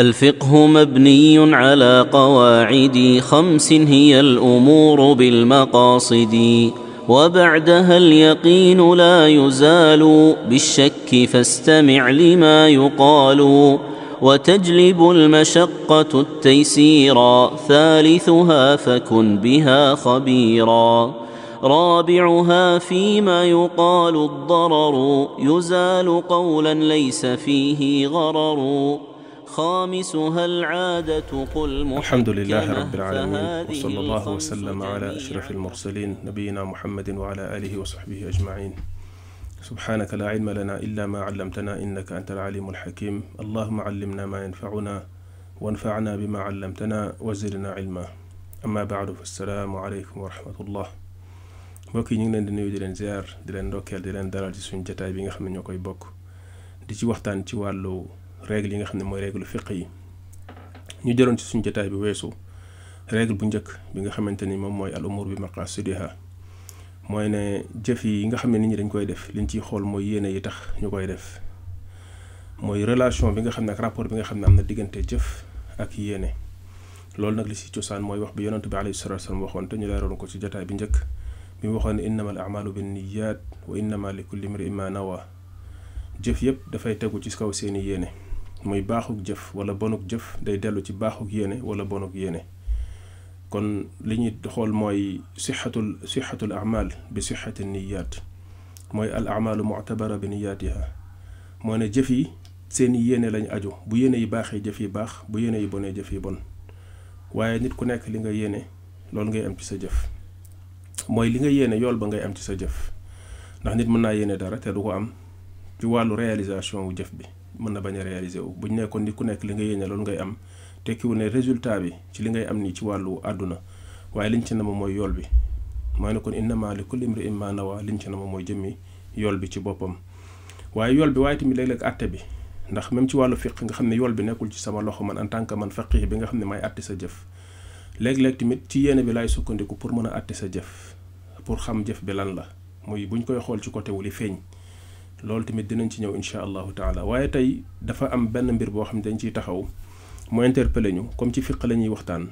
الفقه مبني على قواعد خمس هي الامور بالمقاصد وبعدها اليقين لا يزال بالشك فاستمع لما يقال وتجلب المشقه التيسيرا ثالثها فكن بها خبيرا رابعها فيما يقال الضرر يزال قولا ليس فيه غرر خامسها العادة قل الحمد لله رب العالمين وصلى الله وسلم على أشرف المرسلين نبينا محمد وعلى آله وصحبه أجمعين سبحانك لا علم لنا إلا ما علمتنا إنك أنت العليم الحكيم اللهم علمنا ما ينفعنا وانفعنا بما علمتنا وزرنا علما أما بعد فالسلام عليكم ورحمة الله mbokk yi ñu ngi leen di nuyu di leen ziar di leen ndokkeel di leen dalal ci suñu jataay bi nga xam ne ñoo koy bokk di ci waxtaan ci wàllu règle yi nga xam ne mooy règle fiq yi ñu jëloon ci suñu jataay bi weesu règle bu njëkk bi nga xamante ni moom mooy al umur bi maqasidiha mooy ne jëf yi nga xam ne nit ñi dañ koy def liñ ciy xool mooy yéene yi tax ñu koy def mooy relation bi nga xam ne ak rapport bi nga xam ne am na diggante jëf ak yéene loolu nag li ci cosaan mooy wax bi yonent bi alayhi salatu wasallam waxoon te ñu leeroon ko ci jataay bi njëkk bi mu waxoon ne innama al amalu bin niyaat wa innama li kulli imri ma nawa jëf yëpp dafay tegu ci kaw seeni yéene muy baaxuk jëf wala bonuk jëf day dellu ci baaxuk yéene wala bonuk yéene kon li ñuy xool mooy sixatul sixatul amal bi sixati niyaat mooy al amalu mutabara bi niyaatiha moo ne jëf yi seen yéene lañ aju bu yéene yi baaxee jëf yi baax bu yéene yi bonee jëf yi bon waaye nit ku nekk li nga yéene loolu ngay am ci sa jëf mooy li nga yéene yool ba ngay am ci sa jëf ndax nit mën naa yéene dara te du ko am ci wàllu réalisation wu jëf bi mën na bañ a réaliser wu buñ nekkoon ni ku nekk li nga yéene loolu ngay am tekkiwu ne résultat bi ci li ngay am nii ci wàllu àdduna waaye liñ ci nama mooy yool bi maa ne kon innama li kulli imri'in ma nawa liñ ci nama mooy jëmmi yool bi ci boppam waaye yool bi waaye tamit léeg-léeg àtte bi ndax même ci wàllu fiq nga xam ne yool bi nekkul ci sama loxo man en tant que man faqih bi nga xam ne may àtte sa jëf léeg-léeg tamit ci yéene bi laay sukkandiku pour mën a àtte sa jëf pour xam jëf bi lan la muy buñ koy xool ci côté wu feeñ loolu tamit dinañ ci ñëw incha allahu taala waaye tey dafa am benn mbir boo xam ne dañu ciy taxaw mu interpellé ñu comme ci fiq lañuy ñuy waxtaan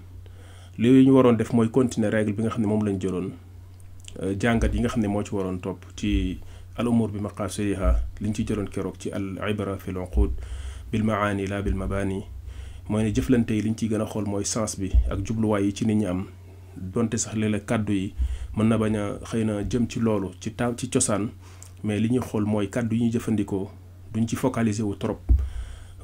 li ñu waroon def mooy continuer règle bi nga xam ne moom lañ jëloon euh, jàngat yi nga xam ne moo ci waroon topp ci al umur bi maqaasidiha liñ ci jëloon keroog ci al ibra fi l uqud bil maani la bil mabani mooy ne jëflante yi liñ ciy gën a xool mooy sens bi ak jubluwaay yi ci nit ñi am donte sax léeg-léeg kàddu yi mën na bañ a xëy na jëm ci loolu ci taaw ci cosaan mais li ñuy xool mooy kàddu yi ñuy jëfandikoo duñ ci focaliser wu trop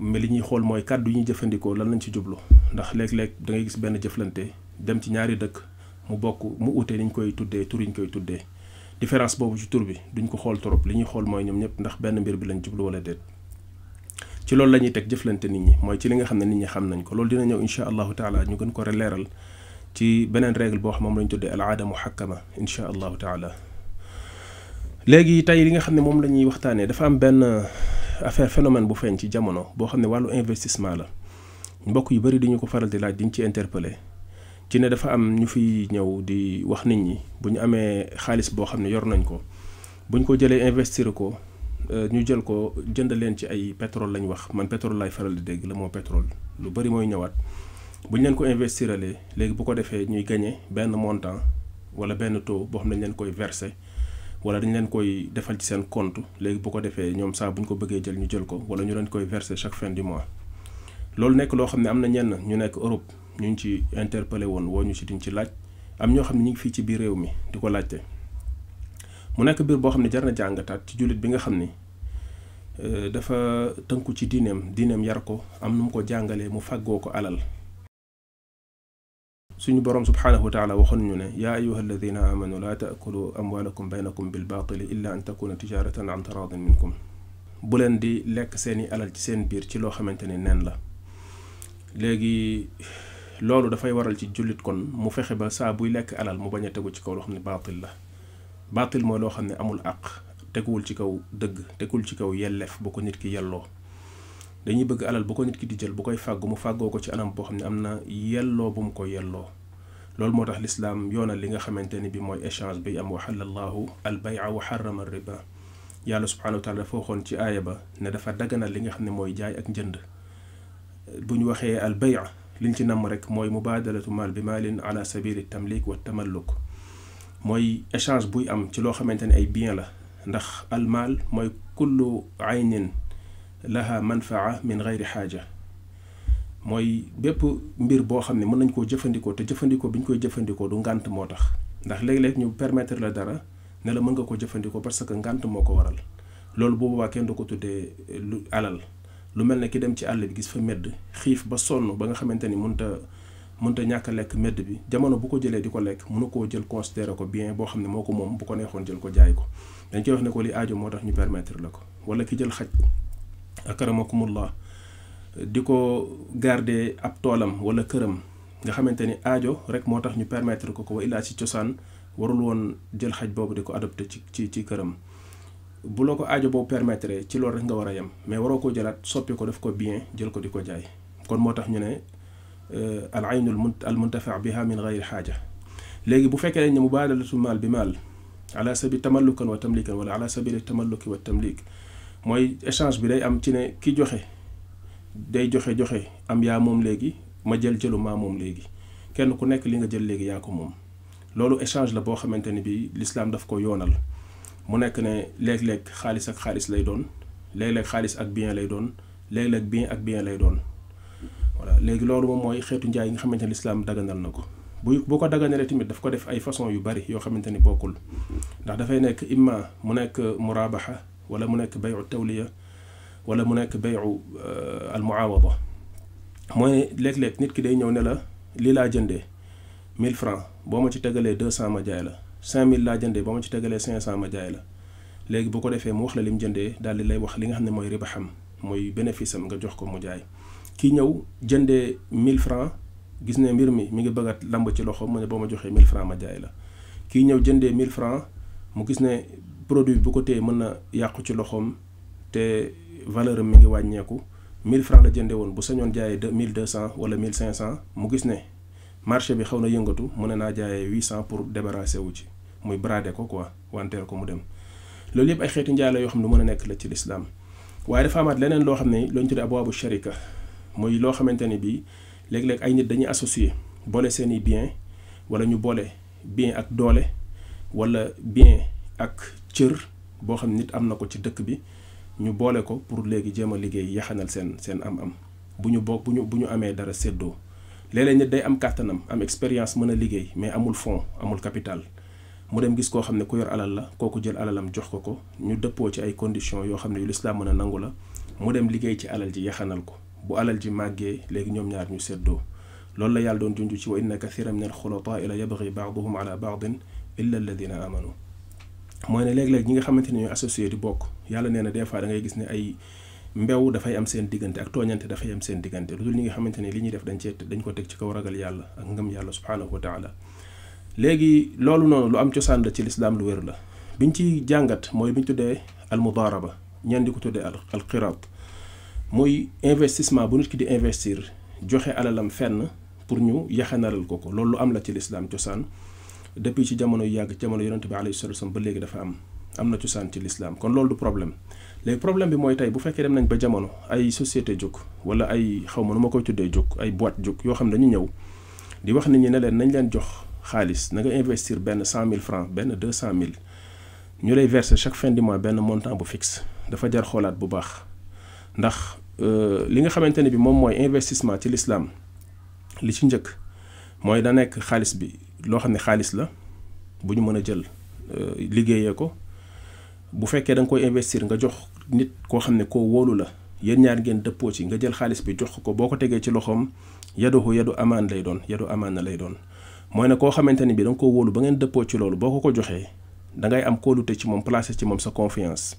mais li ñuy xool mooy kàddu yi ñuy jëfandikoo lan lañ ci jublu ndax léeg-léeg da ngay gis benn jëflante dem ci ñaari dëkk mu bokk mu utee niñ koy tuddee tur yi ñu koy tuddee différence boobu ci tur bi duñ ko xool trop li ñuy xool mooy ñoom ñëpp ndax benn mbir bi lañ jublu wala déet ci loolu la teg jëflante nit ñi mooy ci li nga xam ne nit ñi xam nañ ko loolu dina ñëw incha allahu taala ñu gën ko leeral ci beneen règle boo xam moom la ñu tuddee al aada muhakkama incha allahu taala léegi tey li nga xam ne moom lañuy waxtaanee dafa am benn euh, affaire phénomène bu feeñ ci jamono boo xam ne wàllu investissement la mbokk yu bëri di ñu ko faral di laaj di ci interpeller ci ne dafa am ñu fi ñëw di wax nit ñi bu ñu amee xaalis boo xam ne yor nañ ko bu ñu ko jëlee investir ko euh, ñu jël ko jënd leen ci ay pétrole lañ wax man pétrole laay faral di dégg la moo pétrole lu bëri mooy ñëwaat bu ñu leen ko investiralee léegi bu ko defee ñuy gagné benn montant wala benn taux boo xam leen koy versé. wala dañu leen koy defal ci seen conte léegi bu ko defee ñoom saa bu ñu ko bëggee jël ñu jël ko wala ñu leen koy verser chaque fin du mois. loolu nekk loo xam ne am na ñenn ñu nekk Europe ñu ngi ci interpellé woon woo ñu si duñ ci laaj am ñoo xam ne ñu ngi fii ci biir réew mi di ko laajte mu nekk biir boo xam ne jar na jàngataat ci jullit bi nga xam ni euh, dafa tënku ci diineem diineem yar ko am nu mu ko jàngalee mu fàggoo ko alal. suñu boroom subhaanahu wa taala waxoon ñu ne yaa ayuha alladina amanu laa taakulu amwaalakum baynakum bil baatili illa an takuna tijaratan an taradin minkum bu leen di lekk seeni alal ci seen biir ci loo xamante ni neen la léegi loolu dafay waral ci jullit kon mu fexe ba saa buy lekk alal mu bañ a tegu ci kaw loo xam ne baatil la baatil mooy loo xam ne amul àq teguwul ci kaw dëgg tegul ci kaw yelleef bu ko nit ki yelloo dañuy bëgg alal bu ko nit ki di jël bu koy fàggu mu fàggoo ko ci anam boo xam ne am na yelloo bu mu ko yelloo loolu moo tax lislaam yoonal li nga xamante ni bi mooy échange bi am wa xalallahu al bay'a wa xarama riba yàlla subhanahu wa taala ci aaya ba ne dafa daganal li nga xam ne mooy jaay ak njënd bu ñu waxee al bay' liñ ci namm rek mooy mubadalatu maal bi maalin ala sabili tamlik wa tamalluk mooy échange buy am ci loo xamante ne ay bien la ndax al mooy kullu aynin laha manfaa min gayri xaaja mooy bépp mbir boo xam ne mën nañ koo jëfandikoo te jëfandikoo bi ñu koy jëfandikoo du ngant moo tax ndax léeg-léeg ñu permettre la dara ne la mën nga ko jëfandikoo parce que ngànt moo ko waral loolu boobu waa kenn du ko tuddee lu alal lu mel ne ki dem ci àll bi gis fa medd xiif ba sonn ba nga xamante ni mënta mënta ñàkk lekk medd bi jamono bu ko jëlee di ko lekk mënu koo jël considéré ko bien boo xam ne moo ko moom bu ko neexoon jël ko jaay ko dañ koy wax ne ko li aajo moo tax ñu permettre la ko wala ki jël xaj akaramakumullah di ko garder ab toolam wala këram nga xamante ni aajo rek moo tax ñu permettre ko ko wa illaa ci cosaan warul woon jël xaj boobu di ko adopté ci ci ci këram bu la ko aajo boobu permettre ci loolu rek nga war a yem mais waroo ko jëlaat soppi ko def ko bien jël ko di ko jaay kon moo tax ñu ne euh, al aynul mun al muntafa biha min gayri xaaja léegi bu fekkee ne mubadalatu maal bi maal ala sabi tamallukan wa tamlikan wala ala sabili tamalluki wa tamlik mooy échange bi day am ci ne ki joxe day joxe joxe am yaa moom léegi ma jël jëlu maa moom léegi kenn ku nekk li nga jël léegi yaa ko moom loolu échange la boo xamante ni bii l'islam daf ko yoonal mu nekk ne léeg-léeg xaalis ak xaalis lay doon léeg-léeg xaalis ak bien lay doon léeg-léeg bien ak bien lay doon voilà léegi loolu moom mooy xeetu njaay yi nga xamante ne l'islam daganal na ko bu bu ko daganalee tamit daf ko def ay façon yu bari yoo xamante ni bokkul ndax dafay nekk imma mu nekk murabaha wala mu nekk bayu tawliya wala mu nekk bayu euh, almuawada mooy léeg-léeg nit ki day ñëw ne la lii laa jëndee 1000 francs boo ma ci tegalee 200 ma jaay la 5000 laa jëndee boo ma ci tegalee 500 ma jaay la léegi bu ko defee mu wax la lim jëndee daal di lay wax li nga xam ne mooy ribaxam mooy bénéfice am nga jox ko mu jaay kii ñëw jëndee mille francs gis ne mbir mi mi ngi bëgg a lamb ci loxo mu ne boo ma joxee mille francs ma jaay la kii ñëw jëndee 1000 francs mu gis ne produit bu ko téye mën na yàqu ci loxoom te valeur mi ngi wàññeeku 1000 francs la jëndee woon bu sañoon jaayee deux 1200 wala 1500 mu gis ne marché bi xaw na yëngatu mu ne naa jaayee 800 pour débarrasser wu ci muy brader ko quoi wanteer ko mu dem. loolu yëpp ay xeetu njaay la yoo xam ne mën a nekk la ci lislaam waaye dafa amaat leneen loo xam ne loo ñu tuddee abwaabu sharika muy loo xamante ne bii léeg-léeg ay nit dañuy associé boole seen i bien wala ñu boole bien ak doole wala ak. cër boo xam nit am na ko ci dëkk bi ñu boole ko pour léegi jéem a liggéey yaxanal seen seen am-am bu ñu bokk bu ñu bu ñu amee dara séddoo léeg-léeg nit day am kàttanam am expérience mën a liggéey mais amul fonds amul capital mu dem gis koo xam ne ku yor alal la kooku jël alalam jox ko ko ñu dëppoo ci ay conditions yoo xam ne yu lislaam mën a nangu la mu dem liggéey ci alal ji yaxanal ko bu alal ji màggee léegi ñoom ñaar ñu séddoo loolu la yàlla doon junj ci wa inna kathiran min al xulataa la yabgi baaduhum ala baadin mooy ne léeg-léeg ñi nga xamante ne ñooy associé di bokk yàlla nee na des fois da ngay gis ne ay mbew dafay am seen diggante ak tooñante dafay am seen diggante lu dul ñi nga xamante ne li ñuy def dañ cee dañ ko teg ci kaw ragal yàlla ak ngëm yàlla subhaanahu wa taala léegi loolu noonu lu am cosaan la ci lislaam lu wér la biñ ci jàngat mooy ñu tuddee al mudaaraba ñeen di ko tuddee al qiraat muy investissement bu nit ki di investir joxe alalam fenn pour ñu yaxanaral ko ko loolu am la ci lislaam cosaan depuis ci jamono yu yàgg jamono yonente bi alayhi salatu ba léegi dafa am am na cosaan ci lislaam kon loolu du problème léegi problème bi mooy tey bu fekkee dem nañ ba jamono ay société jóg wala ay xaw ma nu ma koy tuddee jóg ay boîte jóg yoo xam ne dañu ñëw di wax nit ñi ne leen nañ leen jox xaalis na investir benn cent mille francs benn deux cent mille ñu lay verser chaque fin du mois benn montant bu fixe dafa jar xoolaat bu baax ndax euh, li nga xamante ne bi moom mooy investissement ci lislaam li ci njëkk mooy da nekk xaalis bi loo xam ne xaalis la bu ñu mën a jël euh, liggéeyee ko bu fekkee da koy investir nga jox nit koo xam ne koo wóolu la yéen ñaar ngeen dëppoo ci nga jël xaalis bi jox ko boo ko tegee ci loxoom ko yadu amaan lay doon yadu amaan lay doon mooy ne koo xamante ni bi danga nga ko wóolu ba ngeen dëppoo ci loolu boo ko ko joxee da ngay am kóolute ci moom placé ci moom sa confiance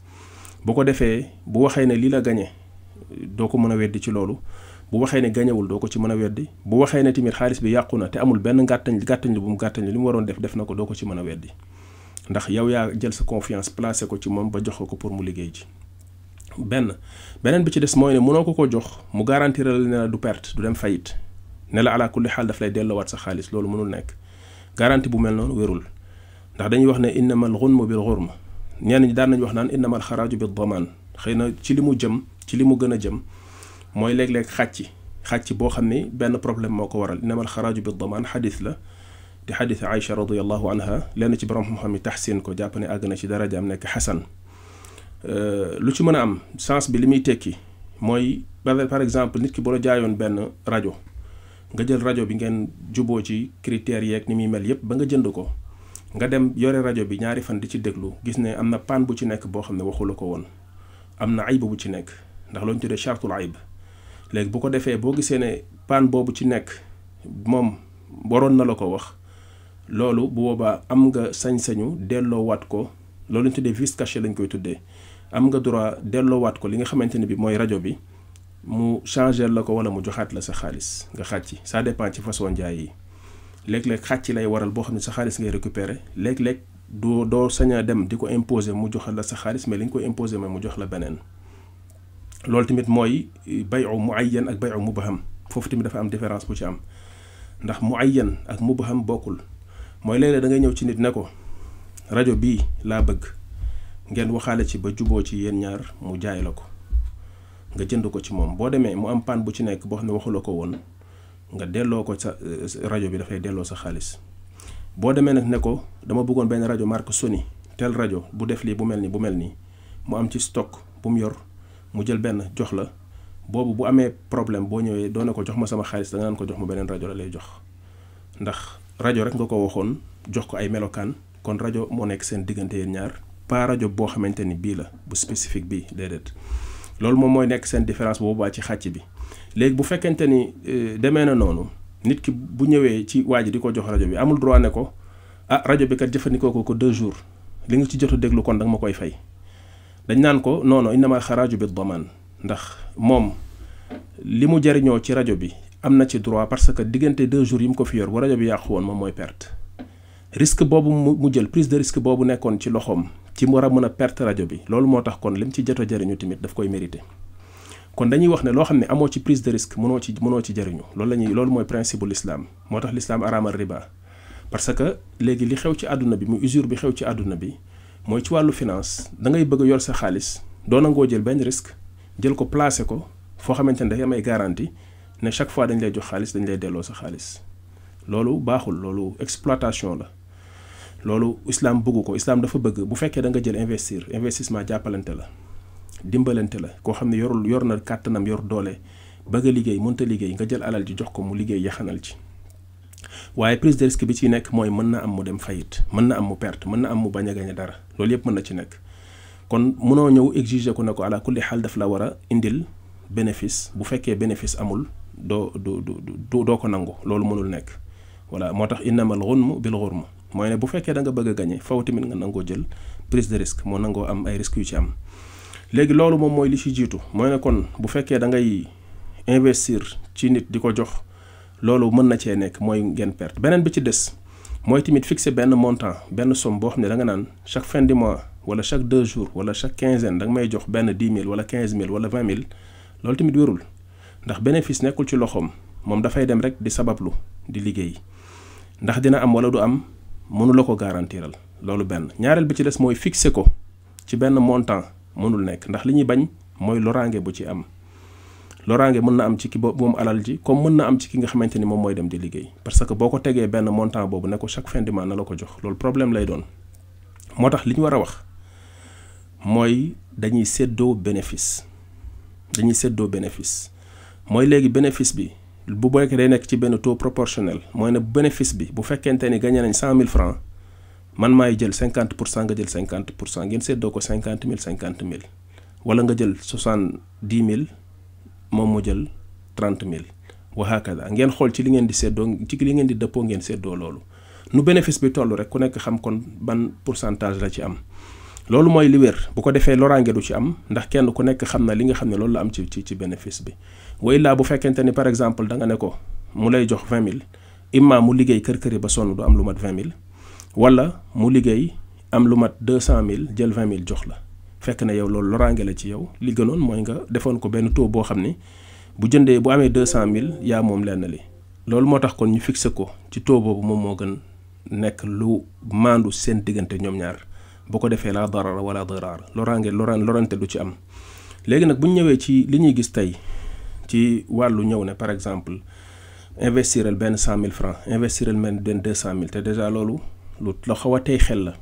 boo ko defee bu waxee ne lii la gañe doo ko mën a weddi ci loolu bu waxee ne gañewul doo ko ci mën a weddi bu waxee ne tamit xaalis bi yàqu na te amul benn gàttañ gàttañ lu bu mu gàttañ li mu waroon def def na ko doo ko ci mën a weddi ndax yow yaa jël sa confiance placé ko ci moom ba jox ko pour mu liggéey ji benn beneen bi ci des mooy ne mënoo ko ko jox mu garantir la ne la du perte du dem fayit ne la ala kulli xaal daf lay delloowaat sa xaalis loolu mënul nekk garanti bu mel noonu wérul ndax dañuy wax ne innamal xunmu bil xurm ñenn ñi daan nañu wax naan innamal xaraaju bi damaan xëy na ci li mu jëm ci li mu gën a jëm mooy léeg-léeg xàcc xàcc boo xam ne benn problème moo ko waral inamal xaraaju bi damaan xadis la di xadis Aïcha radiallahu anha lenn ci borom xam-xam yi taxsin ko jàpp ne àgg na ci daraja am nekk xasan euh, lu ci mën a am sens bi li muy tekki mooy par exemple nit ki bu la jaayoon benn rajo nga jël rajo bi ngeen juboo ci critères yeeg ni muy mel yépp ba nga jënd ko nga dem yore rajo bi ñaari fan di ci déglu gis ne am na paan bu ci nekk boo xam ne waxu ko woon am na ayib bu ci nekk ndax loolu looñ tuddee chartul ayib léegi bu ko defee boo gisee ne paan boobu ci nekk moom waroon na la ko wax loolu bu boobaa am nga sañ-sañu waat ko loolu ñu tuddee vice caché lañ koy tuddee am nga droit delloowaat ko li nga xamante ne bi mooy rajo bi mu changer la ko wala mu joxaat la sa xaalis nga xàcc sa dépend ci façon njaay yi léeg-léeg xàcc lay waral boo xam ne sa xaalis ngay récupérer léeg-léeg doo doo sañ dem di ko imposer mu jox la sa xaalis mais li ko imposer mais mu jox la beneen. loolu tamit mooy bay bayu muayyan ak bayu mubaham foofu tamit dafa am différence bu ci am ndax mu muayyan ak mubaham bokkul mooy léeg-léeg da ngay ñëw ci nit ne ko rajo bii laa bëgg ngeen waxaale ci ba juboo ci yéen ñaar mu jaay la ko nga jënd ko ci moom boo demee mu am paan bu ci nekk boo xam ne waxula ko woon nga delloo ko sa euh, rajo bi dafay delloo sa xaalis boo demee nag ne ko dama bëggoon benn rajo marque Sony tel rajo bu def lii bu mel nii bu mel nii mu am ci stock bu mu yor mu jël benn jox la boobu bu amee problème boo ñëwee doone ko jox ma sama xaalis da nga naan ko jox ma beneen rajo la lay jox ndax rajo rek nga ko waxoon jox ko ay melokaan kon rajo moo nekk seen diggante yéen ñaar pas rajo boo xamante ni bii la bu spécifique bii déedéet loolu moom mooy nekk seen différence boobaa ci xàcc bi léegi bu fekkente ni euh, demee na noonu nit ki bu ñëwee ci waa ji di ko jox rajo bi amul droit ne ko ah rajo bi kat jëfandikoo ko ko deux jours li nga ci jot déglu kon da nga ma koy fay dañ naan ko noono innama xaraaju bi daman ndax moom li mu jariñoo ci rajo bi am na ci droit parce que diggante deux jours yi mu ko fi yor bu rajo bi yàqu woon moom mooy perte risque boobu mu jël prise de risque boobu nekkoon ci loxoom ci mu war a mën a perte rajo bi loolu moo tax kon lim ci jot jariñu tamit daf koy mérité kon dañuy wax ne loo xam ne amoo ci prise de risque mënoo ci mënoo ci jariñu loolu la ñuy loolu mooy principe bu l'islam moo tax l'islam araamal riba parce que léegi li xew ci àdduna bi mu usure bi xew ci àdduna bi mooy ci wàllu finance da ngay bëgg yor sa xaalis doo nangoo jël benn risque jël ko placé ko foo xamante ne day am ay garantie ne chaque fois dañ lay jox xaalis dañ lay delloo sa xaalis loolu baaxul loolu exploitation la loolu islam bëggu ko islam dafa bëgg bu fekkee da nga jël investir investissement jàppalante la dimbalante la koo xam ne yorul yor na kàttanam yor doole bëgg a liggéey mënta liggéey nga jël alal ji jox ko mu liggéey yaxanal ci waaye prise de risque bi ci nekk mooy mën na am mu dem fayit mën na am mu perte mën na am mu bañ a gañe dara loolu yëpp mën na ci nekk kon mënoo ñëw exiger ko ne ko ala kulli xaal daf la war a indil bénéfice bu fekkee bénéfice amul doo du du doo ko nangu loolu mënul nekk voilà moo tax innamal xurm bil xurm mooy ne bu fekkee da bëgg a gañe faw tamit nga nangoo jël prise de risque moo nangoo am ay risques yu ci am léegi loolu moom mooy li ci jiitu mooy ne kon bu fekkee da ngay investir ci nit di ko jox loolu mën na cee nekk mooy ngeen perte beneen bi ci des mooy tamit fixer benn montant benn somme boo xam ne danga naan chaque fin du mois wala chaque deux jours wala chaque quinzaine da nga may jox benn dix mille wala quinze mille wala vingt mille loolu tamit wérul ndax bénéfice nekkul ci loxoom moom dafay dem rek di sabablu di liggéey ndax dina am wala du am mënu ko garantiral loolu benn ñaareel bi ci des mooy fixer ko ci benn montant mënul nekk ndax li ñuy bañ mooy loraange bu ci am. loraange mën na am ci ki ba moom alal ji comme mën na am ci ki nga xamante ni moom mooy dem di liggéey parce que boo ko tegee benn montant boobu ne ko chaque fin du mois na la ko jox loolu problème lay doon moo tax li ñu war a wax mooy dañuy séddoo bénéfice dañuy séddoo bénéfice mooy léegi bénéfice bi bu bokkee day nekk ci benn taux proportionnel mooy ne bénéfice bi bu fekkente ni gagné nañ cent mille francs man maay jël cinquante pour cent nga jël cinquante pour cent ngeen séddoo ko mille cinquante mille wala nga jël soixante dix mille. moom mu jël trente mille wa hakada ngeen xool ci li ngeen di seddoo ci li ngeen di dëppoo ngeen seddoo loolu nu bénéfice bi toll rek ku nekk xam kon ban pour pourcentage la ci am loolu mooy li bu ko defee loraange du ci am ndax kenn ku nekk xam na li nga xam ne loolu la am ci ci ci bénéfice bi way laa bu fekkente ni par exemple danga ne ko mu lay jox vingt mille imma mu liggéey kër kër ba sonn du am lu mat vingt mille wala mu liggéey am lu mat deux cent mille jël vingt mille jox la fekk na yow loolu loraange la ci yow li gënoon mooy nga defoon ko benn taux boo xam ni bu jëndee bu amee deux cent mille yaa moom lenn li loolu moo tax kon ñu fixé ko ci taux boobu moom moo gën nekk lu maandu seen diggante ñoom ñaar boo ko defee laa darara wala daraar loraange loraan lorante du ci am léegi nag bu ñu ñëwee ci li ñuy gis tey ci wàllu ñëw ne par exemple investiral benn cent mille francs investiral benn deux cent mille te déjà loolu lu la xaw a tey xel la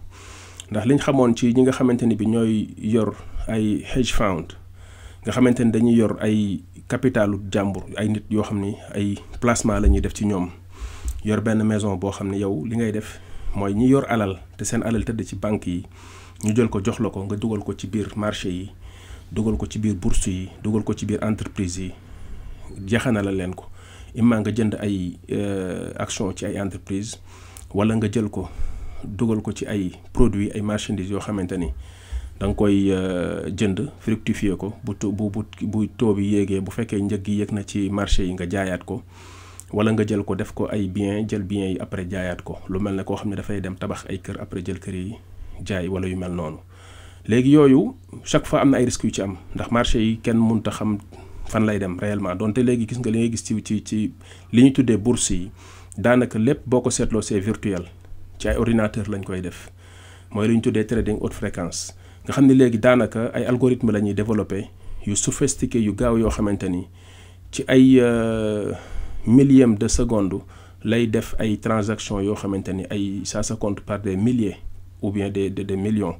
ndax liñ xamoon ci ñi nga xamante ni bi ñooy yor ay hedge fund nga xamante ni dañuy yor ay capitalu jàmbur ay nit yoo xam ni ay placement la ñuy def ci ñoom yor benn maison boo xam ne yow li ngay def mooy ñi yor alal te seen alal tëdd ci banque yi ñu jël ko jox la ko nga dugal ko ci biir marché yi dugal ko ci biir bourse yi dugal ko ci biir entreprise yi jaxana la leen ko imma nga jënd ay euh, action ci ay entreprise wala nga jël ko dugal ko ci ay produits ay marchandises yoo xamante ni da nga koy euh, jënd fructifier ko bu bu bu bu taux bi yéegee bu fekkee njëg yi yëg na ci marché yi nga jaayaat ko wala nga jël ko def ko ay biens jël biens yi après jaayaat ko lu mel ne koo xam ne dafay dem tabax ay kër après jël kër yi jaay wala yu mel noonu. léegi yooyu chaque fois am na ay risques yu ci am ndax marché yi kenn mënut a xam fan lay dem réellement donte léegi gis nga li ngay gis ci ci ci li ñu tuddee bourse yi daanaka lépp boo ko seetloo c'est virtuel ci ay ordinateur lañ koy def mooy lu ñu tuddee trading haute fréquence nga xam ne léegi daanaka ay algorithme la ñuy développé yu sophistiqué yu gaaw yoo xamante ni ci ay euh, millième de seconde lay def ay transactions yoo xamante ni ay ça se compte par des milliers ou bien des des millions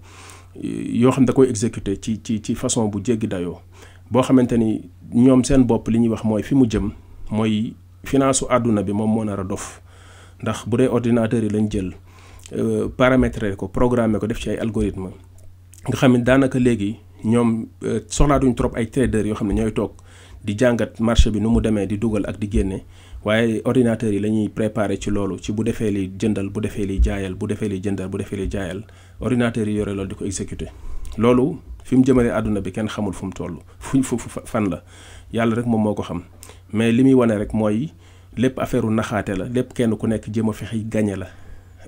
euh, yoo xam da koy exécuter ci ci ci façon bu jéggi dayoo boo xamante ni ñoom seen bopp li ñuy wax mooy fi mu jëm mooy finance su àdduna bi moom moon nar a dof ndax bu dee ordinateur yi lañ jël euh, paramétrer ko programme ko def ci ay nga xam ne daanaka léegi ñoom euh, soxlaatuñ trop ay traders yoo xam ne ñooy toog di jàngat marché bi nu mu demee di dugal ak di génne waaye ordinateurs yi la ñuy préparer ci loolu ci bu defee li jëndal bu defee li jaayal bu defee li jëndal bu defee li jaayal ordinateurs yi yore loolu di ko exécuter loolu fi mu àdduna bi kenn xamul fu mu toll fu fan la yàlla rek moom moo ko xam mais li muy wane rek mooy lépp affaire naxaate la lépp kenn ku nekk jëm a fexe gañe la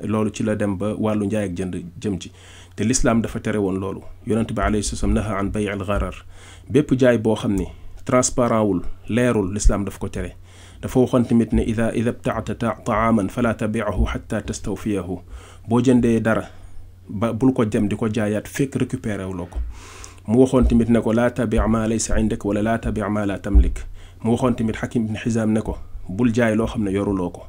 loolu ci la dem ba wàllu njaay ak jënd jëm ci te lislaam dafa tere woon loolu yonent bi alayhi salaam naha an bay al bépp jaay boo xam ni transparent leerul lislaam daf ko tere dafa waxoon tamit ne ida ida btaata taaman fala tabiahu xata tastawfiyahu boo jëndee dara ba bul ko jëm di ko jaayaat fekk récupéré wuloo ko mu waxoon tamit ne ko laa tabi ma laysa indak wala laa tabi ma la tamlik mu waxoon tamit xakim ibn ne ko bul jaay loo xam ne yoruloo ko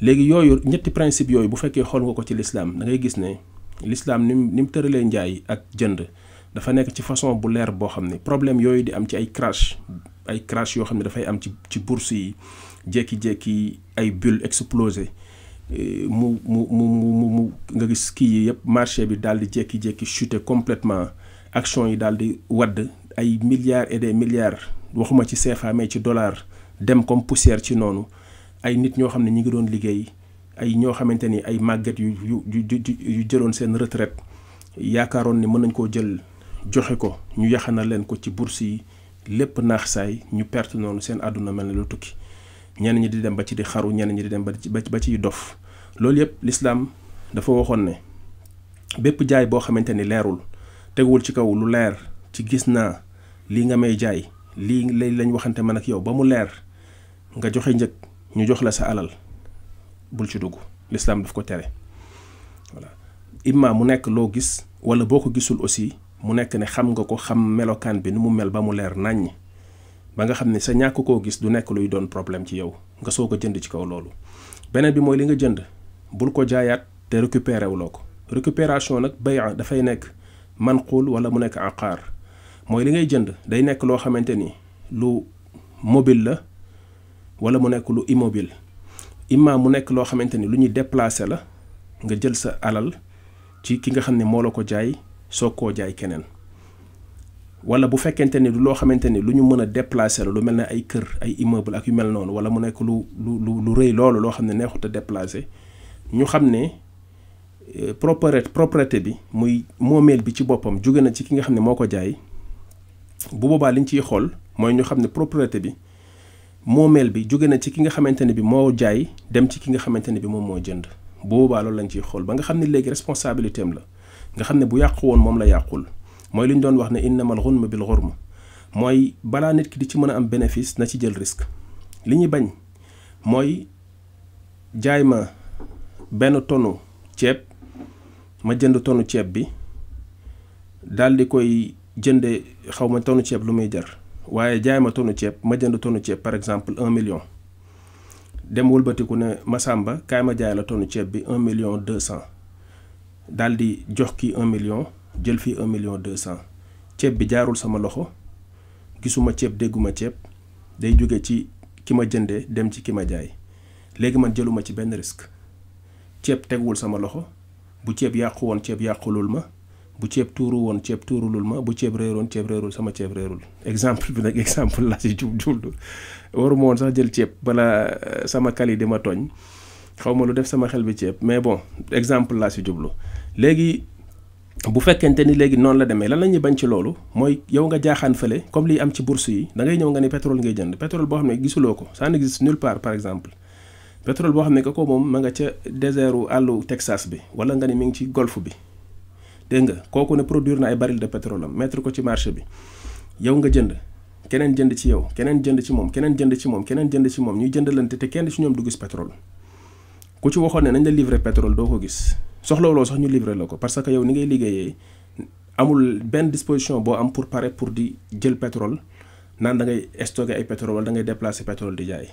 léegi yooyu ñetti principe yooyu bu fekkee xool nga ko ci lislaam dangay gis ne lislaam ni mu ni mu tëralee njaay ak jënd dafa nekk ci façon bu leer boo xam ne problème yooyu di am ci ay crash ay crash yoo xam ne dafay am ci ci bourse yi jékki-jékki ay bulle explosé eh, mu mu mu mu mu nga gis kii yi yëpp marché bi daal di jékki-jékki chuter complètement action yi daal di wadd ay milliards et des milliards waxuma ci CFA mais ci dollar dem comme poussière ci noonu ay nit ñoo xam ne ñu ngi doon liggéey ay ñoo xamante ni ay màgget yu yu yu jëloon seen retraite yaakaaroon ni mën nañ koo jël joxe ko ñu yaxanal leen ko ci bourse yi lépp naax saay ñu perte noonu seen àdduna mel ne lu tukki ñenn ñi di dem ba ci di xaru ñeneen ñi di dem ba ci ba ciy dof loolu yëpp lislaam dafa waxoon ne bépp jaay boo xamante ni leerul teguwul ci kaw lu leer ci gis naa lii nga may jaay lii lay lañ waxante man ak yow ba mu leer nga joxe njëg ñu jox la sa alal bul ci dugg lislaam daf ko tere voilà imma mu nekk loo gis wala boo ko gisul aussi mu nekk ne xam nga ko xam melokaan bi nu mu mel ba mu leer nàññ ba nga xam ne sa ñàkk koo gis du nekk luy doon problème ci yow nga soo ko jënd ci kaw loolu beneen bi mooy li nga jënd bul ko jaayaat te récupéré wuloo ko récupération nag bayan dafay nekk man manquul wala mu nekk aqaar mooy li ngay jënd day nekk loo xamante ni lu mobile la wala mu nekk lu immobile imma mu nekk loo xamante ni lu ñuy déplacé la nga jël sa alal ci ki nga xam ne moo la ko jaay soog koo jaay keneen wala bu fekkente ni du loo xamante ni lu ñu mën a déplacé la lu mel ne ay kër ay immeuble ak yu mel noonu wala mu nekk lu lu lu rëy loolu loo xam ne neexut a déplacé ñu xam ne propré euh, propriété bi muy moomeel bi ci boppam jóge na ci ki nga xam ne moo ko jaay bu boobaa liñ ciy xool mooy ñu xam ne propriété bi. moomeel bi jóge na ci ki nga xamante ne bi moo jaay dem ci ki nga xamante ne bi moom moo jënd boobaa loolu lañ ciy xool ba nga xam ni léegi responsabilité am la nga xam ne bu yàqu woon moom la yàqul mooy li ñu doon wax ne innamal ghunm bil ghurm mooy balaa nit ki di ci mën a am bénéfice na ci jël risque li ñu bañ mooy jaay ma benn tonu ceeb ma jënd tonu ceeb bi daal di koy jënde xaw ma tonu ceeb lu muy dar waaye jaay ma tonu ceeb ma jënd tonu ceeb par exemple un million dem wëlbatiku ne Masamba kaay ma jaay la tonu ceeb bi un million deux cent daal di jox kii un million jël fii un million deux cent ceeb bi jaarul sama loxo gisuma ceeb dégguma ceeb day jóge ci ki ma jëndee dem ci ki ma jaay léegi man jëluma ci benn risque ceeb teguwul sama loxo bu ceeb yàqu woon ceeb yàqulul ma bu ceeb tuuru woon ceeb tuurulul ma bu ceeb réeroon ceeb réerul sama ceeb réerul exemple bi nag exemple laa si jub jublu waruma woon sax jël ceeb bala euh, sama kali di ma tooñ xaw ma lu def sama xel bi ceeb mais bon exemple laa si jublu léegi bu fekkente ni léegi noonu la demee lan la ñuy bañ ci loolu mooy yow nga jaaxaan fale comme liy am ci bourse yi dangay ngay ñëw nga ni pétrole ngay jënd pétrole boo xam ne gisuloo ko ça n'existe nulle part par exemple pétrole boo xam ne ko moom ma nga ca désertu àllu Texas bi wala nga ni mi ngi ci golfe bi dégg nga kooku ne produire na ay baril de pétrole am mettre ko ci marché bi yow nga jënd keneen jënd ci yow keneen jënd ci moom keneen jënd ci moom keneen jënd ci moom ñuy jëndalante te kenn ci ñoom du gis pétrole ku ci waxoon ne nañ la livrer pétrole doo ko gis soxlawuloo sax ñu livrer la ko parce que yow ni ngay liggéeyee amul benn disposition boo am pour pare pour di jël pétrole naan da ngay stocké ay pétrole wala da ngay déplacer pétrole di jaay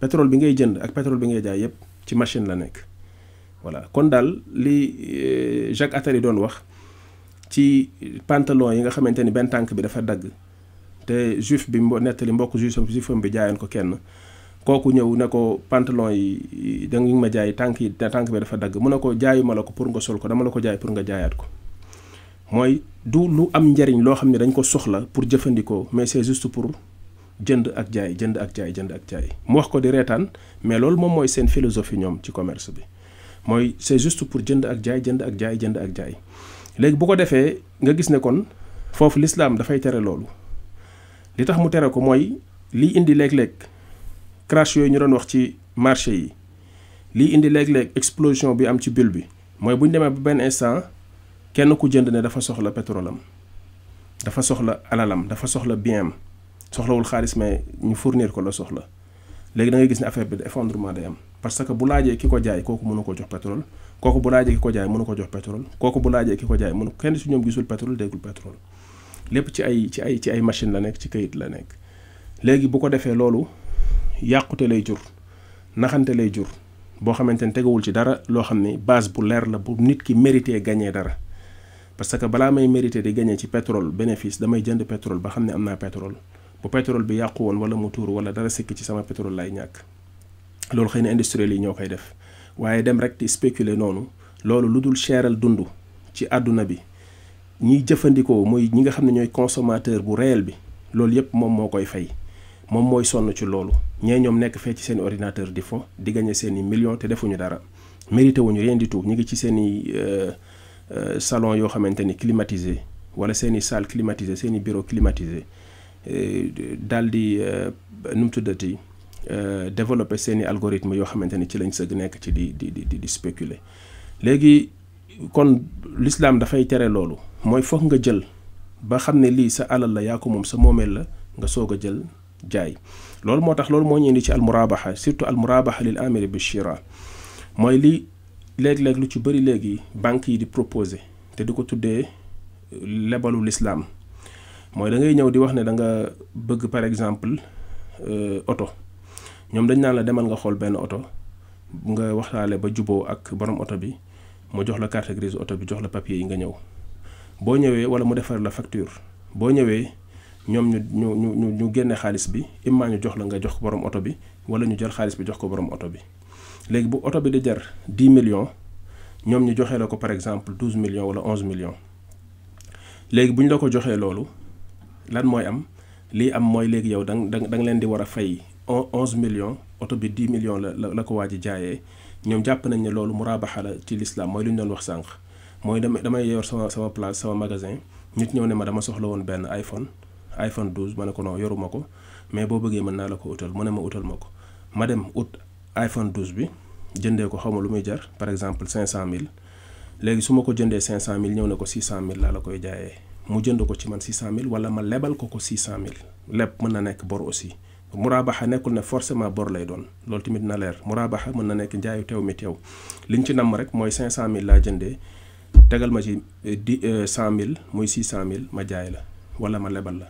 pétrole bi ngay jënd ak pétrole bi ngay jaay yépp ci machine la nekk voilà kon daal li euh, Jacques Attali doon wax. ci pantalon yi nga xamante ni benn tànk bi dafa dagg te juif bi mbo nettali mbokk juifam bi jaayoon ko kenn kooku ñëw ne ko pantalon yi da nga ma jaay tànk yi tànk bi dafa dagg mu ne ko jaayuma la ko pour nga sol ko dama la ko jaay pour nga jaayaat ko mooy du lu am njariñ loo xam ne dañ ko soxla pour jëfandikoo mais c'est juste pour jënd ak jaay jënd ak jaay jënd ak jaay mu wax ko di reetaan mais loolu moom mooy seen philosophie ñoom ci commerce bi mooy c'est pour jënd ak jaay jënd ak jaay jënd ak jaay léegi bu ko defee nga gis ne kon foofu lislaam dafay tere loolu li tax mu tere ko mooy liy indi léeg-léeg crash yooyu ñu doon wax ci marché yi liy indi léeg-léeg explosion bi am ci bulle bi mooy buñ demee ba benn instant kenn ku jënd ne dafa soxla pétrole dafa soxla alalam dafa soxla bien soxlawul xaalis mais ñu fournir ko la soxla léegi da gis ne affaire bi effondrement day am parce que bu laajee ki ko jaay kooku mënu ko jox pétrole kooku bu laajee ki ko jaay mënu ko jox pétrole kooku bu laajee ki ko jaay mënu kenn si ñoom gisul pétrole déggul pétrole lépp ci ay ci ay ci ay machine la nekk ci kayit la nekk léegi bu ko defee loolu yàqute lay jur naxante lay jur boo xamante ne tegawul ci dara loo xam ne base bu leer la bu nit ki méritee gañee dara parce que balaa may mérite di gañee ci pétrole bénéfice damay jënd pétrole ba xam ne am naa pétrole bu pétrole bi yàqu woon wala mu tuur wala dara sikk ci sama pétrole lay ñàkk loolu xëy na industriel yi ñoo koy def waaye dem rek di spéculer noonu loolu lu dul cheral dund ci àdduna bi ñiy jëfandikoo muy ñi nga xam ne ñooy consommateur bu réel bi loolu yépp moom moo koy fay moom mooy sonn ci loolu ñee ñoom nekk fee ci seen ordinateur di fo di gagné seeni million te defuñu dara mérité wuñu rien ñu ngi ci seeni i euh, euh, salon yoo xamante ni climatisé wala seen i salle climatisée seen i bureau climatisé daal di euh, nu mu tuddati euh, développé seeni algorithme yoo xamante ni ci lañ gi nekk ci di di di di léegi kon l'islam dafay tere loolu mooy foog nga jël ba xam ne lii sa alal la yaa ko moom sa moomeel la nga soog a jël jaay loolu moo tax loolu moo ñu indi ci almurabaha surtout almurabaha lil amiri bi shira mooy lii léeg-léeg lu ci bëri léegi banque yi di proposer te du ko tuddee lebalu lislaam mooy da ngay ñëw di wax ne da nga bëgg par exemple euh, oto ñoom dañ naan la demal nga xool benn oto nga waxtaale ba juboo ak borom oto bi mu jox la carte grise oto bi jox la papier yi nga ñëw boo ñëwee wala mu defar la facture boo ñëwee ñoom ñu ñu ñu ñu génne xaalis bi immaa ñu jox la nga jox borom oto bi wala ñu jël xaalis bi jox ko borom oto bi léegi bu oto bi di jar 10 millions ñoom ñu joxee la ko par exemple 12 millions wala 11 millions léegi bu la ko joxee loolu lan mooy am lii am mooy léegi yow da nga da leen di war a fay onze million oto bi dix millions la la ko waa ji jaayee ñoom jàpp nañ ne loolu mu la ci lislaam mooy lu ñu doon wax sànq mooy damay damay yor sama sama place sama magasin nit ñëw ne ma dama soxla woon benn iPhone iPhone 12 ma ne ko non yoruma ko mais boo bëggee mën naa la ko utal mu ne ma utal ma ko ma dem ut iPhone 12 bi jëndee ko xaw ma lu muy jar par exemple 500000 léegi su ma ko jëndee 500000 ñëw ne ko mil laa la koy jaayee. mu jënd ko ci man 600000 wala ma lebal ko ko 600000 leb mën na nekk boor aussi a nekkul ne forcément boor lay doon loolu tamit na leer muraabaxa mën na nekk njaayu teew mi teew liñ ci namm rek mooy 500000 laa jëndee tegal ma ci eh, di 100000 eh, muy 600000 ma jaay la wala ma lebal la.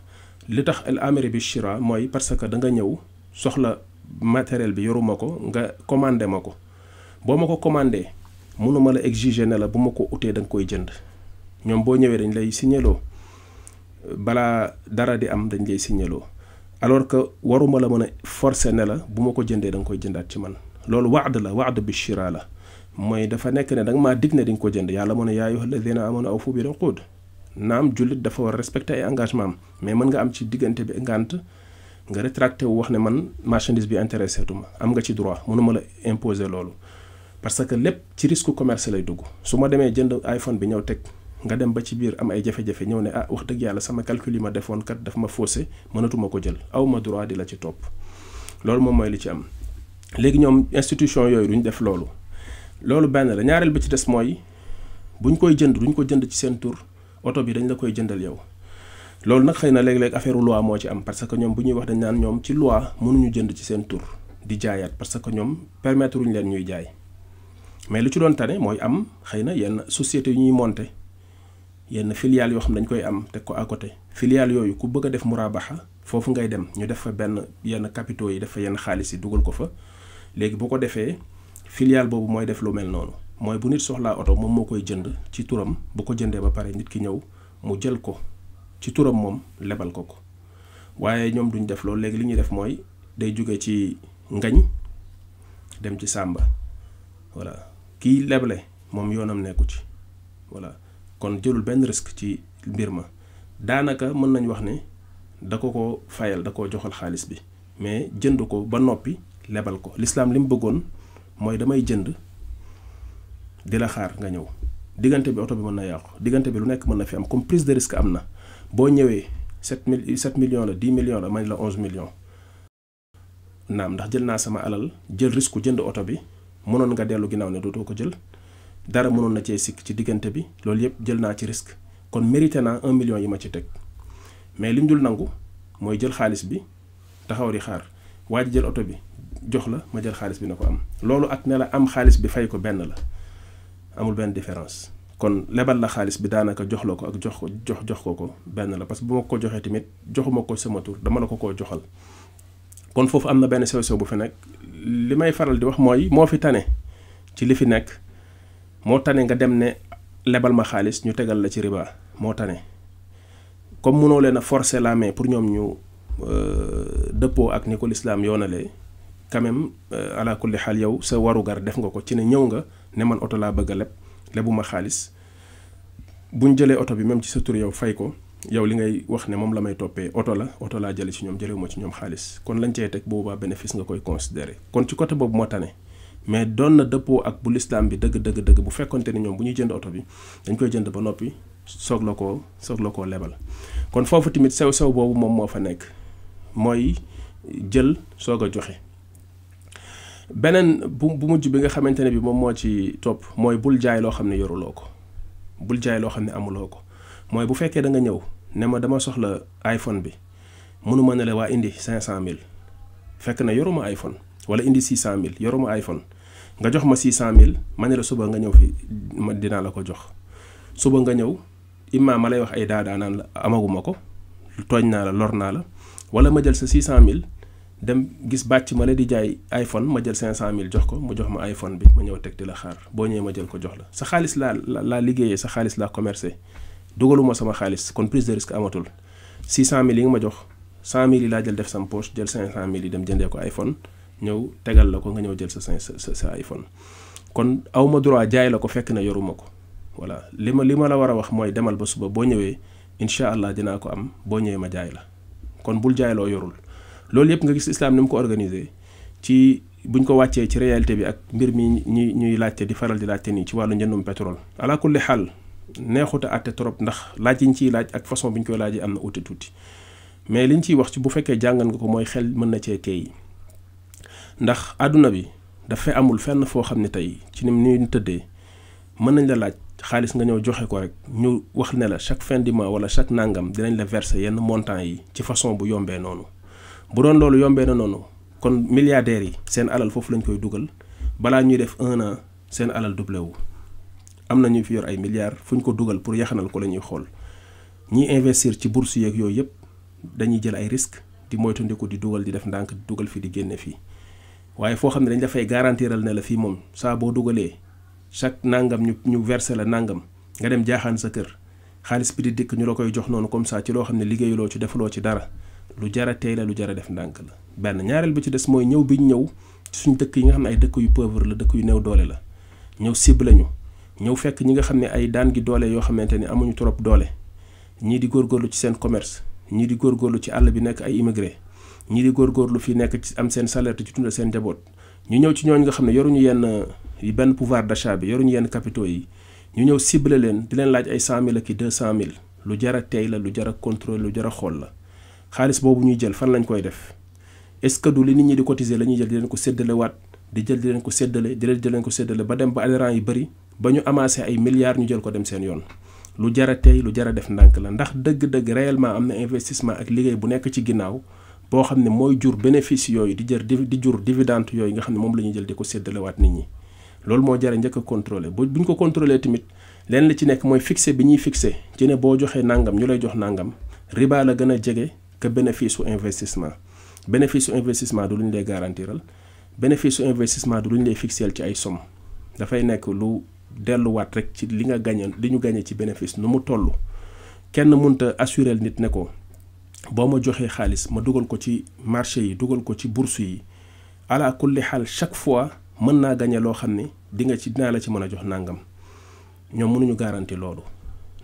li tax al amiri bi shira mooy parce que danga ñëw soxla matériel bi yoruma ko nga commandé ma ko boo ma ko commandé mënuma la exiger ne la bu ma ko utee da nga koy jënd. ñoom boo ñëwee dañu lay signaloo balaa dara di am dañ lay signaloo alors que waruma la mën a force ne la bu ma ko jëndee danga koy jëndaat ci man loolu wax da la waad bi shira la mooy dafa nekk ne da nga maa dig ne di ko jënd yàlla mu ne yaa ayyuha alladina amanu awfu bil uqud naam jullit dafa war respecter ay engagement am mais mën nga am ci diggante bi ngànt nga rétracté wu wax ne man marchandise bi intéressé tuma am nga ci droit mënuma la imposer loolu parce que lépp ci risque commerce lay dugg su ma demee jënd iPhone bi ñëw teg nga dem ba ci biir am ay jafe-jafe ñëw ne ah wax dëgg yàlla sama calcul yi ma defoon kat daf ma faussé mënatuma ko jël aw ma droit di la ci topp loolu moom mooy li ci am. léegi ñoom institution yooyu duñ def loolu loolu benn la ñaareel bi ci des mooy buñ koy jënd duñ ko jënd ci seen tur oto bi dañ la koy jëndal yow. loolu nag xëy na léeg-léeg affaire loi moo ci am parce que ñoom bu ñuy wax dañ naan ñoom ci loi mënuñu jënd ci seen tur di jaayaat parce que ñoom permettre uñ leen ñuy jaay mais lu ci doon tane mooy am xëy na yenn sociétés yu ñuy monter. yenn filiale yoo xam ne dañ koy am teg ko à côté filiale yooyu ku bëgg a def murabaxa foofu ngay dem ñu def fa benn yenn capitaux yi def fa yenn xaalis yi dugal ko fa léegi bu ko defee filiale boobu mooy def lu mel noonu mooy bu nit soxlaa oto moom moo koy jënd ci turam bu ko jëndee ba pare nit ki ñëw mu jël ko ci turam moom lebal ko ko waaye ñoom duñ def loolu léegi li ñuy def mooy day jóge ci ngañ dem ci sàmba voilà kiy leble moom yoonam nekku ci voilà kon jëlul benn risque ci mbir ma daanaka mën nañ wax ne da ko ko fayal da koo joxal xaalis bi mais jënd ko ba noppi lebal ko lislaam li mu bëggoon mooy damay jënd di la xaar nga ñëw diggante bi oto bi mën na yàqu diggante bi lu nekk mën na fi am comme prise de risque am na boo ñëwee set mille sept million la dix millions la man la onze millions naam ndax jël naa sama alal jël risque jënd oto bi mënoon nga dellu ginnaaw ne dootoo ko jël dara mënoon na cee sikk ci diggante bi loolu yëpp jël naa ci risque kon mérité naa un million yi ma ci teg mais li mu dul nangu mooy jël xaalis bi taxaw di xaar waa ji jël oto bi jox la ma jël xaalis bi na ko am loolu ak ne la am xaalis bi fay ko benn la amul benn différence kon lebal la xaalis bi daanaka jox la ko ak jox ko jox jox ko ko benn la parce que bu ma ko joxee tamit joxuma ko sama tur dama la ko koo joxal kon foofu am na benn sew sew bu fi nekk li may faral di wax mooy moo fi tane ci li fi nekk moo tane nga dem ne lebal ma xaalis ñu tegal la ci riba moo tane comme mënoo leen a forcer la mais pour ñoom ñu euh, dëppoo ak ni ko lislaam yoonale quand même euh, ala kulli xaal yow sa warugar def nga ko ci ne ñëw nga ne man oto laa bëgg a leb lebuma xaalis buñ jëlee oto bi même ci sa tur yow fay ko yaw li ngay wax ne moom la may toppee oto la oto laa jële ci ñoom jëlewuma ci ñoom xaalis kon lañ cey teg boobaa bénéfice nga koy considéré kon ci côté boobu moo tane mais doon na dëppoo ak bu lislaam bi dëgg dëgg dëgg bu fekkonte ni ñoom bu ñuy jënd oto bi dañ koy jënd ba noppi soog la koo soog la koo lebal kon foofu tamit sew sew boobu moom moo fa nekk mooy jël soog a joxe beneen bu bu mujj bi nga xamante ne bi moom moo ci topp mooy bul jaay loo xam ne yoruloo ko bul jaay loo xam ne amuloo ko mooy bu fekkee da nga ñëw ne ma dama soxla iPhone bi mënu ma ne la waa indi cinq cent mille fekk na yoruma iPhone wala indi 600000 yoruma iPhone nga jox ma 600000 ma ne la suba nga ñëw fi ma dinaa la ko jox suba nga ñëw imma ma lay wax ay daadaa naan la amaguma ko tooñ naa la lor naa la wala ma jël sa 600000 dem gis bàcc ma la di jaay iPhone ma jël 500000 jox ko mu jox ma iPhone bi ma ñëw teg di la xaar boo ñëwee ma jël ko jox la sa xaalis laa laa liggéeyee sa xaalis laa commercé dugaluma sama xaalis kon prise de risque amatul 600000 yi nga ma jox 100000 yi laa jël def sam jël 500000 yi dem jëndee ko iPhone. ñëw tegal la ko nga ñëw jël sa sa sa iPhone kon awma droit jaay la ko fekk na yoruma ko voilà li ma li ma la war a wax mooy demal ba suba boo ñëwee incha allah dinaa ko am boo ñëwee ma jaay la kon bul jaay loo yorul loolu yëpp nga gis islam ni ko organisé ci buñ ko wàccee ci réalité bi ak mbir mi ñuy ñuy laajte di faral di laajte nii ci wàllu njëndum pétrole. ala kulli xaal neexut a àtte trop ndax laaj yi ñu ciy laaj ak façon bi ñu koy laajee am na uti tuuti mais li liñ ciy wax ci bu fekkee jàngan nga ko mooy xel mën na cee teey ndax àdduna bi dafay amul fenn foo xam ne tey ci ni ni ñu tëddee mën nañ la laaj xaalis nga ñëw joxe ko rek ñu wax ne la chaque fin du mois wala chaque nangam dinañ la verser yenn montant yi ci façon bu yombee noonu bu doon loolu yombee na noonu kon milliardaires yi seen alal foofu lañ koy dugal balaa ñuy def un an seen alal doublé wu am na ñu fi yor ay milliards fu ñu ko dugal pour yaxanal ko la ñuy xool ñiy investir ci bourse yeeg yooyu yëpp dañuy jël ay risques di moytandiku di dugal di def ndànk di dugal fii di génne fii waaye foo xam ne dañ dafay garantiral ne la fii moom saa boo dugalee chaque nangam ñu ñu verser la nangam nga dem jaaxaan sa kër xaalis bi di dikk ñu la koy jox noonu comme ça ci loo xam ne liggéeyuloo ci defuloo ci dara lu jara tey la lu jara def ndànk la. benn ñaareel bi ci des mooy ñëw bi ñëw suñ dëkk yi nga xam ne ay dëkk yu pauvre la dëkk yu néew doole la ñëw cible ñu ñëw fekk ñi nga xam ne ay daan gi doole yoo xamante ni amuñu trop doole ñii di góorgóorlu ci seen commerce ñii di góorgóorlu ci àll bi nekk ay immigré ñi di lu fi nekk ci am seen salaire te ci dundal seen njaboot ñu ñëw ci ñooñu nga xam ne yoruñu yenn benn pouvoir d'achat bi yoruñu yenn capitaux yi ñu ñëw ciblé leen di leen laaj ay cent mille ak i deux cent mille lu jara a la lu jar a lu jar a xool la xaalis boobu ñuy jël fan lañ koy def est-ce que du li ñi di cotiser la ñuy jël di ko séddale waat di jël di leen ko séddale ko séddale ba dem ba adhérents yi bëri ba ñu amassé ay milliards ñu jël ko dem seen yoon lu jar tey lu jar a def ndànk la ndax dëgg-dëgg réellement am na investissement ak liggéey bu nekk ci ginnaaw boo xam ne mooy jur bénéfice yooyu di jër di jur dividende yooyu nga xam ne moom la jël di ko séddalewaat nit ñi loolu moo jare njëkk a contrôler bu buñ ko contrôler tamit leen la ci nekk mooy fixé bi ñuy fixé ci ne boo joxee nangam ñu lay jox nangam riba la gën a jege que bénéfice su investissement bénéfice su investissement du lu ñu lay garantiral bénéfice su investissement du lu ñu lay fixeel ci ay somme dafay nekk lu delluwaat rek ci li nga gañe li ñu gañe ci bénéfice nu mu toll kenn munta assurel nit ne ko boo ma joxee xaalis ma dugal ko ci marché yi dugal ko ci bourse yi ala kulli xaal chaque fois mën naa gañe loo xam ne di nga ci dinaa la ci mën a jox nangam ñoom mënuñu garanti loolu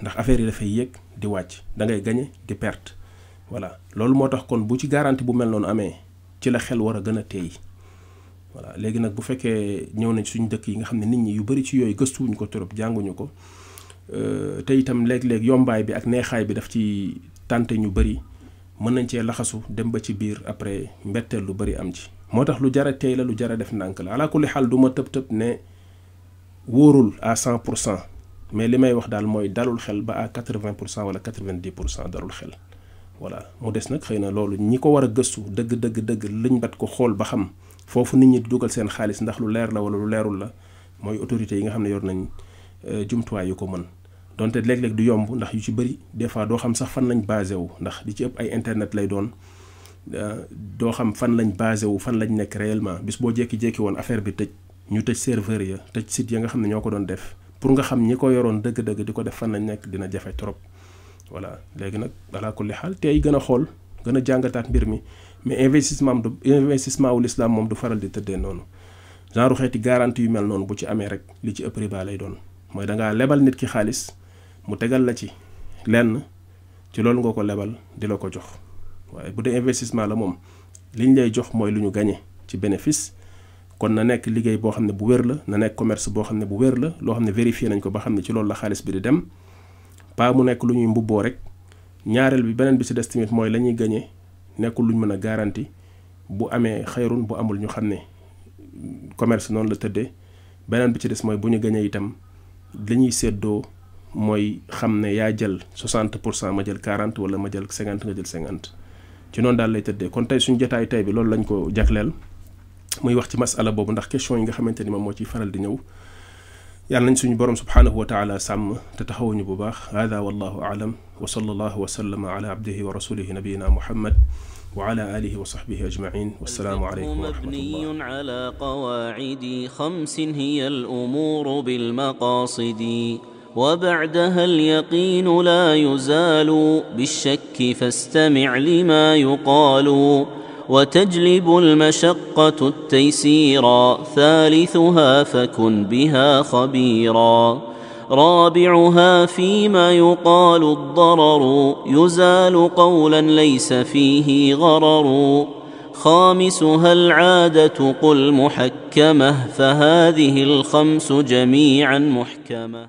ndax affaire yi dafay yéeg di wàcc da ngay gañe di perte voilà loolu moo tax kon bu ci garanti bu mel noonu amee ci la xel war a gën a teey voilà léegi nag bu fekkee ñëw nañ suñu dëkk yi nga xam ne nit ñi yu bari ci yooyu gëstuwuñ ko trop jànguñu ko euh, te itam léeg-léeg yombaay bi ak neexaay bi daf ci tànte ñu bari mën nañ cee laxasu dem ba ci biir après mbetteel lu bari am ci moo tax lu jara tey la lu jara def ndànk la ala kulli xaal du ma tëb tëb ne wóorul à cent pour cent mais li may wax daal mooy dalul xel ba à quatre-vingt pour cent wala quatre-vingt-dix pour cent dalul xel voilà mu des nag xëy na loolu ñi ko war a gëstu dëgg dëgg dëgg liñ bat ko xool ba xam foofu nit ñi dugal seen xaalis ndax lu leer la wala lu leerul la mooy autorités yi nga xam ne yor nañ euh, jumtuwaay yu ko mën donte léeg-léeg du yomb ndax yu ci bëri des fois doo xam sax fan lañ basé wu ndax li ci ëpp ay internet lay doon euh, doo xam fan lañ basé wu fan lañ nekk réellement bis boo jékki-jékki woon affaire bi tëj ñu tëj serveur ya tëj site ya nga xam ne ñoo ko doon def pour nga xam ñi ko yoroon dëgg-dëgg di ko def fan lañ nekk dina jafe trop voilà léegi nag ala kulli xaal tey gën a xool gën a jàngataat mbir mi mais investissement du investissement wu l'islam moom du faral di tëddee noonu genre xeeti garantie yu mel noonu bu ci amee rek li ci ëpp riba lay doon mooy dangaa lebal nit ki xaalis mu tegal la ci lenn ci loolu ngoo ko lebal di la ko jox waaye bu dee investissement la moom liñ lay jox mooy lu ñu gañe ci bénéfice kon na nekk liggéey boo xam ne bu wér la na nekk commerce boo xam ne bu wér la loo xam ne vérifié nañ ko ba xam ne ci loolu la xaalis bi di dem pas mu nekk lu ñuy mbubboo rek ñaareel bi beneen bi ci des tamit mooy la ñuy gañe nekkul lu luñ mën a garanti bu amee xayrun bu amul ñu xam ne commerce noonu la tëddee beneen bi ci des mooy bu ñu gañee itam li séddoo mooy xam ne yaa jël 60 pour ma jël 40 ma jël 50 nga jël 50 ci noonu daal lay tëddee kon tey suñu jotaay tey bi loolu lañ ko jagleel muy wax ci masala boobu ndax question yi nga xamante ni moom moo ciy faral di ñëw yàlla nañ suñu borom subhaanahu wa taala sàmm te taxawuñu bu baax hada wallahu aalam wa sallallahu wa sallama ala abdihi wa rasulihi nabiyina muhammad وعلى آله وصحبه أجمعين والسلام عليكم ورحمة الله مبني على قواعد خمس هي الأمور وبعدها اليقين لا يزال بالشك فاستمع لما يقال وتجلب المشقة التيسيرا ثالثها فكن بها خبيرا رابعها فيما يقال الضرر يزال قولا ليس فيه غرر خامسها العادة قل محكمة فهذه الخمس جميعا محكمة